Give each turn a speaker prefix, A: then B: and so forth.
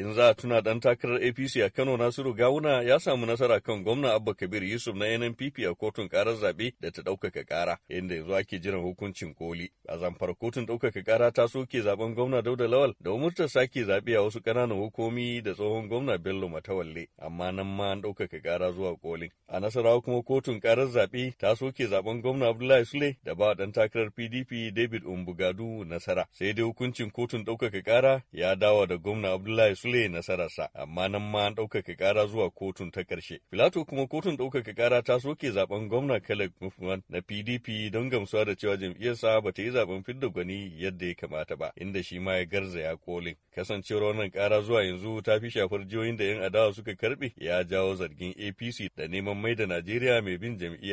A: In za a tuna ɗan takarar APC a Kano Nasiru Gawuna ya samu nasara kan gwamna Abba Kabir Yusuf na NNPP a kotun ƙarar zaɓe da ta ɗaukaka ƙara, inda yanzu ake jiran hukuncin koli. A zamfara kotun ɗaukaka ƙara ta soke zaɓen gwamna Dauda Lawal da umurta sake zaɓe a wasu ƙananan hukumi da tsohon gwamna Bello Matawalle, amma nan ma an ɗaukaka ƙara zuwa kolin. A Nasarawa kuma kotun ƙarar zaɓe ta soke zaɓen gwamna Abdullahi Sule da ba ɗan takarar PDP David Umbugadu nasara. Sai dai hukuncin kotun ɗaukaka ƙara ya dawo da gwamna Abdullahi Sule Clay nasararsa, amma nan ma an ɗaukaka ƙara zuwa kotun ta ƙarshe. Filato kuma kotun ɗaukaka ƙara ta soke zaben gwamna Caleb Mufman na PDP don gamsuwa da cewa jam'iyyarsa ba ta yi zaben fidda gwani yadda ya kamata ba, inda shi ma ya garzaya kolin. Kasancewar wannan ƙara zuwa yanzu ta fi shafar jihohin da 'yan adawa suka karɓe ya jawo zargin APC da neman mai da
B: Najeriya mai bin jam'iyyar.